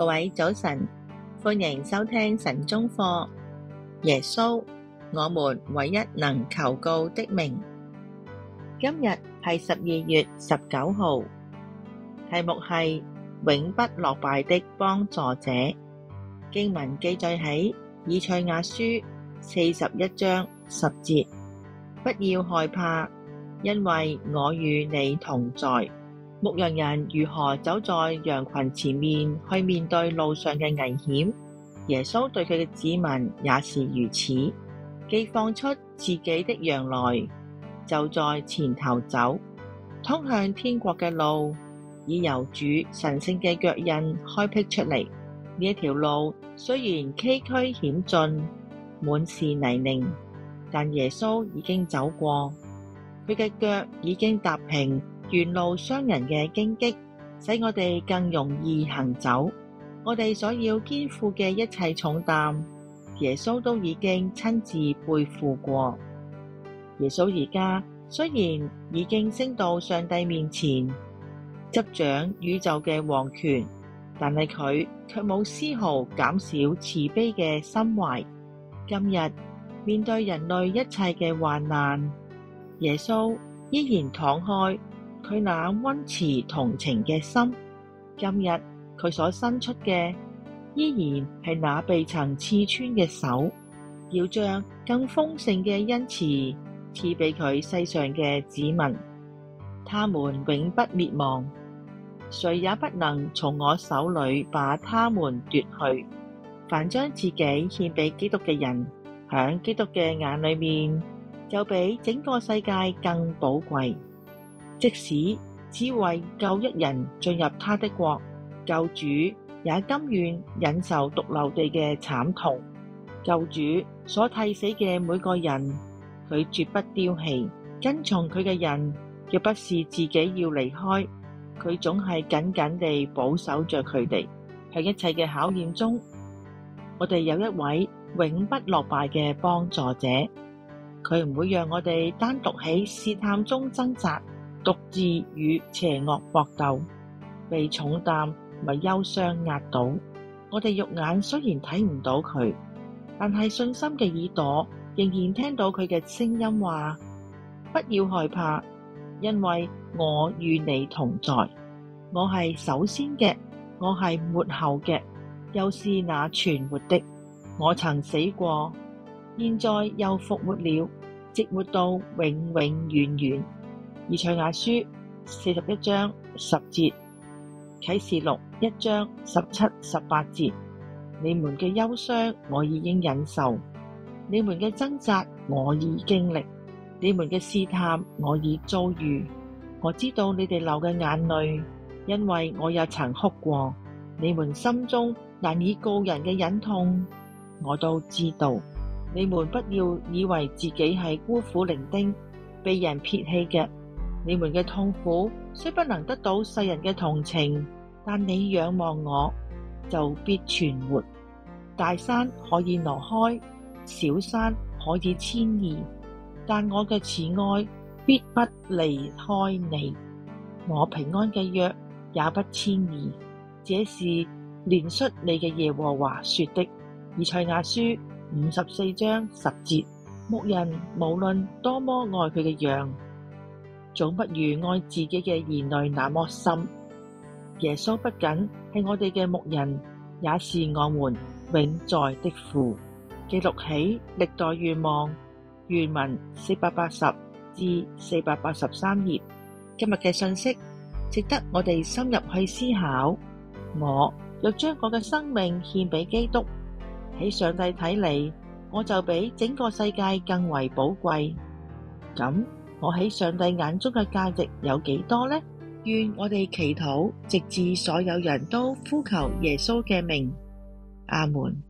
各位早晨，歡迎收聽晨鐘課。耶穌，我們唯一能求告的名。今日係十二月十九號，題目係永不落敗的幫助者。經文記載喺以賽亞書四十一章十節：不要害怕，因為我與你同在。牧羊人如何走在羊群前面去面對路上嘅危險？耶穌對佢嘅子民也是如此，既放出自己的羊來，就在前頭走，通向天國嘅路，已由主神聖嘅腳印開闢出嚟。呢一條路雖然崎嶇險峻，滿是泥濘，但耶穌已經走過，佢嘅腳已經踏平。沿路傷人嘅荊棘，使我哋更容易行走。我哋所要肩負嘅一切重擔，耶穌都已經親自背負過。耶穌而家雖然已經升到上帝面前，執掌宇宙嘅王權，但係佢卻冇絲毫減少慈悲嘅心懷。今日面對人類一切嘅患難，耶穌依然敞開。佢那溫慈同情嘅心，今日佢所伸出嘅，依然係那被曾刺穿嘅手，要將更豐盛嘅恩慈賜俾佢世上嘅子民，他們永不滅亡，誰也不能從我手裏把他們奪去。凡將自己獻俾基督嘅人，響基督嘅眼裏面，就比整個世界更寶貴。即使只為救一人進入他的國，救主也甘願忍受髑髏地嘅慘痛。救主所替死嘅每個人，佢絕不丟棄。跟從佢嘅人，若不是自己要離開，佢總係緊緊地保守着佢哋。喺一切嘅考驗中，我哋有一位永不落敗嘅幫助者，佢唔會讓我哋單獨喺試探中掙扎。獨自與邪惡搏鬥，被重擔同埋憂傷壓倒。我哋肉眼雖然睇唔到佢，但係信心嘅耳朵仍然聽到佢嘅聲音話：不要害怕，因為我與你同在。我係首先嘅，我係末後嘅，又是那存活的。我曾死過，現在又復活了，直活到永永遠遠。以賽亞書四十一章十節，啟示錄一章十七、十八節。你們嘅憂傷我已經忍受，你們嘅掙扎我已經歷，你們嘅試探我已遭遇。我知道你哋流嘅眼淚，因為我也曾哭過。你們心中難以告人嘅忍痛，我都知道。你們不要以為自己係孤苦伶仃、被人撇棄嘅。你們嘅痛苦雖不能得到世人嘅同情，但你仰望我就必存活。大山可以挪開，小山可以遷移，但我嘅慈愛必不離開你。我平安嘅約也不遷移。這是憐恤你嘅耶和華說的。以賽亞書五十四章十節：牧人無論多麼愛佢嘅羊，總不如愛自己嘅兒女那麼深。耶穌不僅係我哋嘅牧人，也是我們永在的父。記錄起歷代願望，原文四百八十至四百八十三頁。今日嘅信息值得我哋深入去思考。我若將我嘅生命獻俾基督，喺上帝睇嚟，我就比整個世界更為寶貴。咁。我喺上帝眼中嘅價值有幾多呢？願我哋祈禱，直至所有人都呼求耶穌嘅名。阿門。